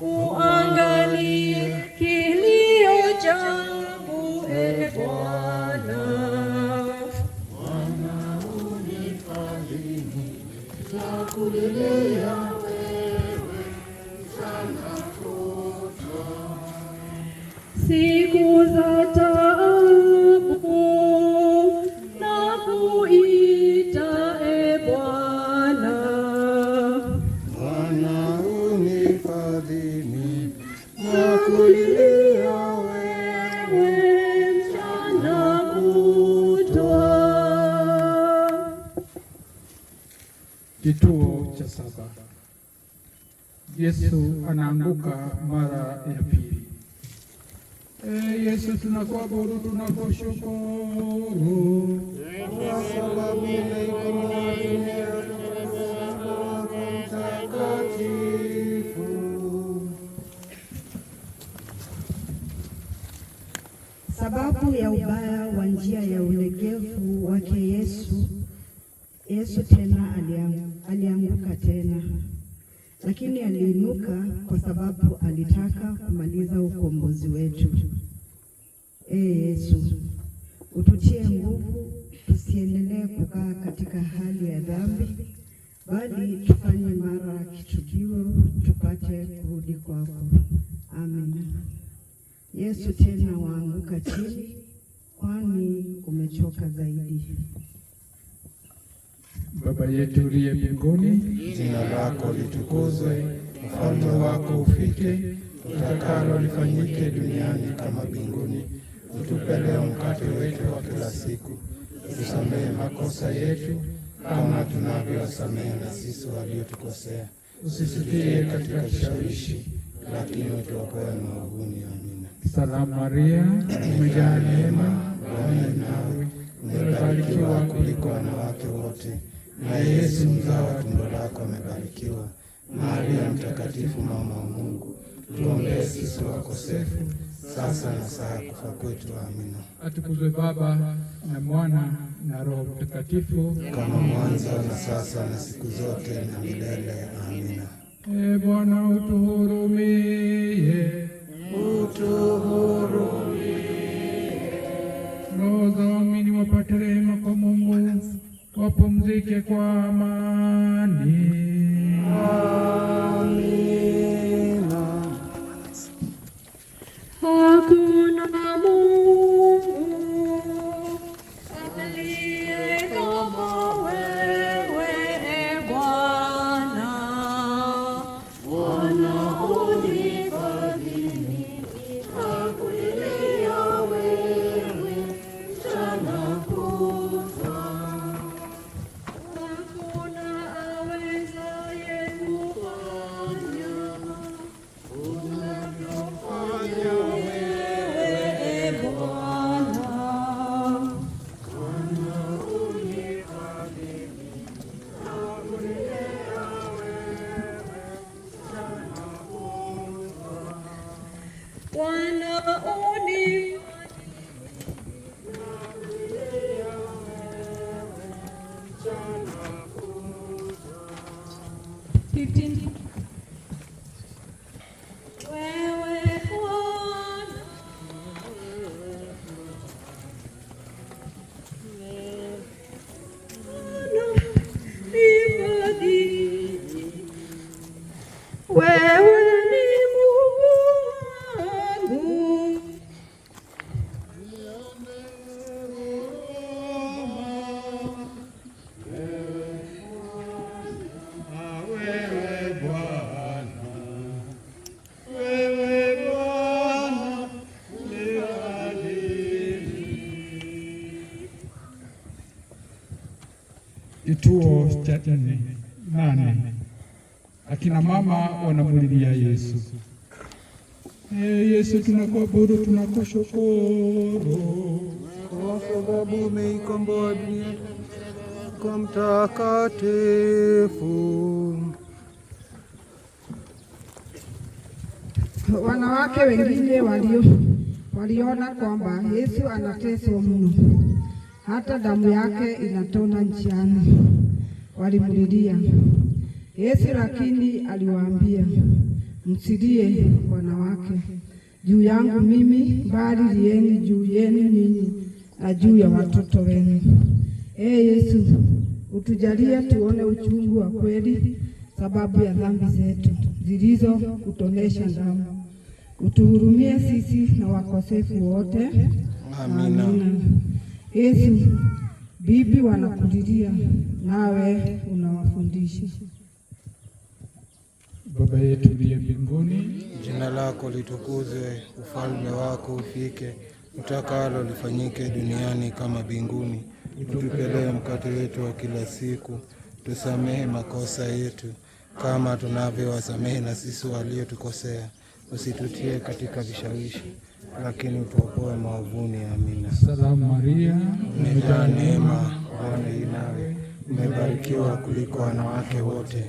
Uangalie kilio changu, e Kituo cha saba: Yesu anaanguka mara ya pili. Ee Yesu, tunakuabudu, tunakushukuru kwa sababu mtakatifu. Sababu ya ubaya wa njia ya ulegevu wake Yesu, Yesu tena alianguka alianguka tena, lakini aliinuka kwa sababu alitaka kumaliza ukombozi wetu. Ee Yesu, ututie nguvu tusiendelee kukaa katika hali ya dhambi, bali tufanye mara kichukio tupate kurudi kwako. Amina. Yesu tena waanguka chini, kwani umechoka zaidi. Baba yetu uliye mbinguni, jina lako litukuzwe, ufalme wako ufike, utakalo lifanyike duniani kama mbinguni. Utupe leo mkate wetu wa kila siku, tusamehe makosa yetu kama tunavyowasamehe na sisi waliotukosea, usisitie katika kishawishi, lakini utuokoe maovuni. Amina. Salamu Maria, umejaa neema, Bwana nawe umebarikiwa kuliko wanawake wote na Yesu mzao wa tumbo lako amebarikiwa. Maria mtakatifu mama wa Mungu, tuombee sisi wakosefu sasa na saa kufa kwetu. Amina. Atukuzwe Baba na Mwana na Roho Mtakatifu, kama mwanzo na sasa na siku zote na milele. Amina. E Bwana utuhurumie, utuhurumie. Roho za waamini wapate wapumzike kwa amani. Kituo cha nne nane, akina mama wanamulilia Yesu. Hey ee Yesu, tunakuabudu tunakushukuru kwa sababu umeikomboa dunia kwa mtakatifu. Wanawake wengine walio waliona kwamba Yesu anateswa mno hata damu yake inatona njiani. Walimlilia Yesu, lakini aliwaambia, msilie wanawake juu yangu mimi, bali lieni juu yenu ninyi na juu ya watoto wenu. Ee Yesu, utujalie tuone uchungu wa kweli sababu ya dhambi zetu zilizo kutonesha damu. Utuhurumie sisi na wakosefu wote. Amina. Amina. Yesu, bibi wanakulilia nawe unawafundisha. Baba yetu uliye mbinguni, jina lako litukuzwe, ufalme wako ufike, utakalo lifanyike duniani kama mbinguni. Utupe leo mkate wetu wa kila siku, tusamehe makosa yetu kama tunavyowasamehe na sisi waliotukosea, usitutie katika vishawishi lakini utuokoe maovuni. Amina. Salamu Maria, umejaa neema, Bwana yu nawe, umebarikiwa kuliko wanawake wote,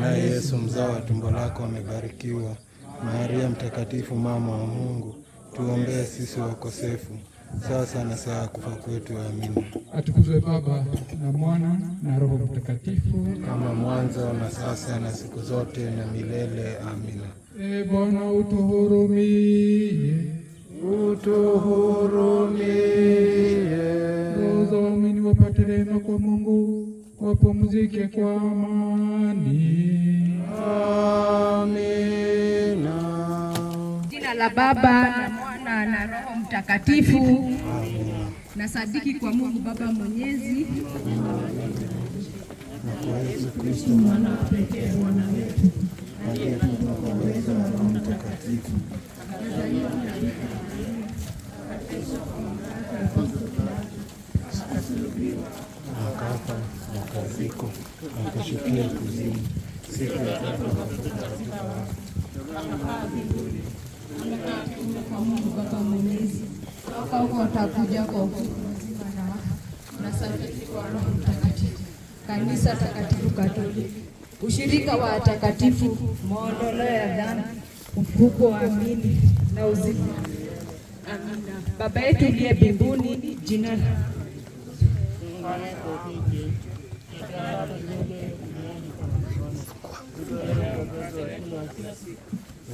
naye Yesu mzao wa tumbo lako amebarikiwa. Maria Mtakatifu, mama wa Mungu, tuombee sisi wakosefu sasa na saa kufa kwetu. Amina. Atukuzwe Baba na Mwana na Roho Mtakatifu, kama mwanzo na sasa na siku zote na milele. Amina. E Bwana, utuhurumie utuhurumie. Roho waumini wapate rehema kwa Mungu, wapumzike kwa amani. Amina. Jina la Baba na Mwana na Roho Mtakatifu. Na sadiki kwa Mungu Baba Mwenyezi na kwa Yesu Kristo mwana pekee Bwana wetu aliyetupwa kwa uwezo wa Roho Mtakatifu akafa na akazikwa, akashukia kuzimu, siku ya tatu akafufuka katika kwa Mungu Baba Mwenyezi. Toka huko atakuja kwa hukumu uzima na wafu. Unasafiri kwa Roho Mtakatifu, kanisa takatifu Katoliki, ushirika wa watakatifu, maondoleo ya dhambi, ufufuko wa mwili na uzima Baba yetu uliye mbinguni, jina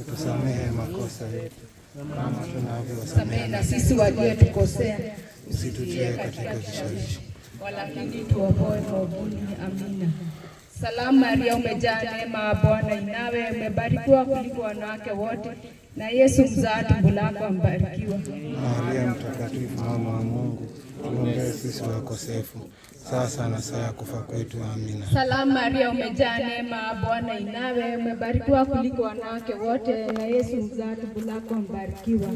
utusamehe makosa yetu kama tunavyosamehe na sisi waliotukosea, usitutie katika kishawishi, walakini tuokoe maovuni. Amina. Salamu Maria, umejaa neema, Bwana inawe, umebarikiwa kuliko wanawake wote na Yesu mzaa tumbo lako ambarikiwa. Maria mtakatifu mama wa Mungu, tuombee sisi wakosefu sasa na saa ya kufa kwetu. Amina. Salamu Maria, umejaa neema, Bwana inawe, umebarikiwa kuliko wanawake wote, na Yesu mzaa tumbo lako ambarikiwa.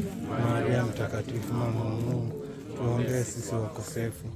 Maria mtakatifu mama wa Mungu, tuombee sisi wakosefu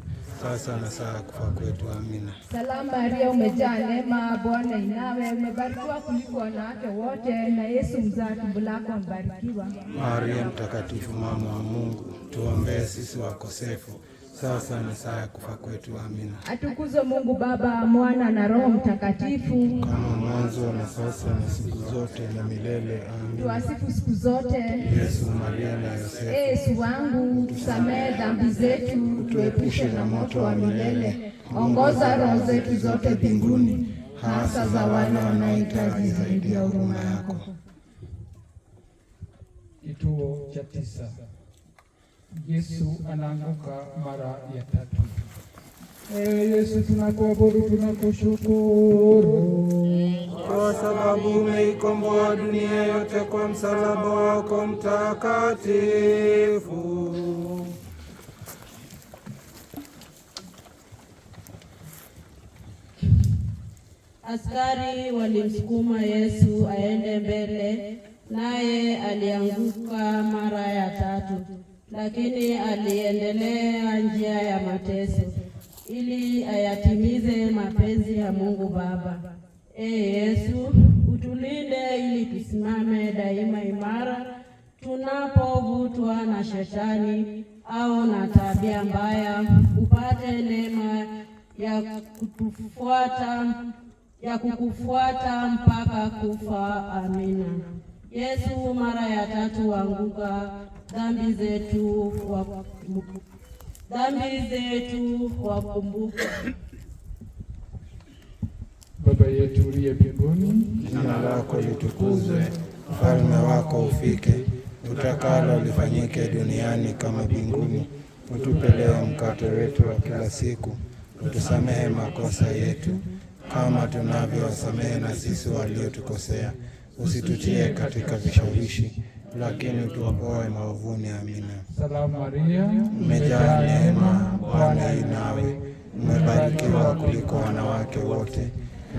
sasa na saa kufa kwetu. Amina. Salamu Maria, umejaa neema, Bwana inawe, umebarikiwa kuliko wanawake wote, na Yesu mzaa tumbo lako amebarikiwa. Maria mtakatifu, mama wa Mungu, tuombee sisi wakosefu sasa na saa ya kufa kwetu. Amina. Atukuzwe Mungu Baba, Mwana na Roho Mtakatifu, kama mwanzo na sasa na siku zote na milele. Amina. Tuwasifu siku zote Yesu, Maria na Yosefu. Yesu wangu, tusamehe dhambi zetu, tuepushe na moto wa milele, ongoza roho zetu zote mbinguni, hasa za wale wanaohitaji zaidi ya huruma yako. Kituo cha tisa. Yesu anaanguka mara ya tatu. Ee Yesu, tunakuabudu, tunakushukuru kwa sababu umeikomboa dunia yote kwa msalaba wako mtakatifu. Askari walimsukuma Yesu aende mbele, naye alianguka mara ya tatu lakini aliendelea njia ya mateso ili ayatimize mapenzi ya Mungu Baba. Ee Yesu, utulinde ili tusimame daima imara tunapovutwa na shetani au na tabia mbaya, upate neema ya kutufuata ya kukufuata mpaka kufa. Amina. Yesu mara ya tatu anguka dhambi zetu wakumbuke, dhambi zetu wakumbuke. Baba yetu uliye mbinguni, jina lako litukuzwe, ufalme wako ufike, utakalo lifanyike duniani kama mbinguni. Utupe leo mkate wetu wa kila siku, utusamehe makosa yetu kama tunavyowasamehe na sisi waliotukosea, usitutie katika vishawishi lakini utuokoe maovuni. Amina. Salamu Maria, umejaa neema, Bwana yu nawe, umebarikiwa kuliko wanawake wote,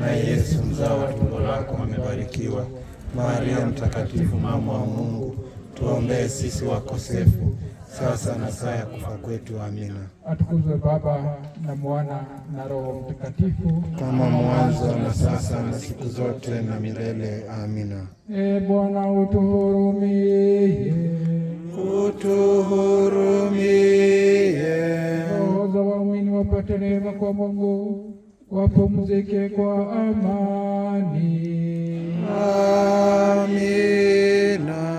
na Yesu mzao wa tumbo lako amebarikiwa. Maria mtakatifu, mama wa Mungu, tuombee sisi wakosefu sasa na saa ya kufa kwetu. Amina. Atukuzwe Baba na Mwana na Roho Mtakatifu, kama mwanzo na sasa na siku zote na milele. Amina. E Bwana, utuhurumie, utuhurumie. Roho za waumini wapate neema kwa Mungu, wapumzike kwa amani. Amina.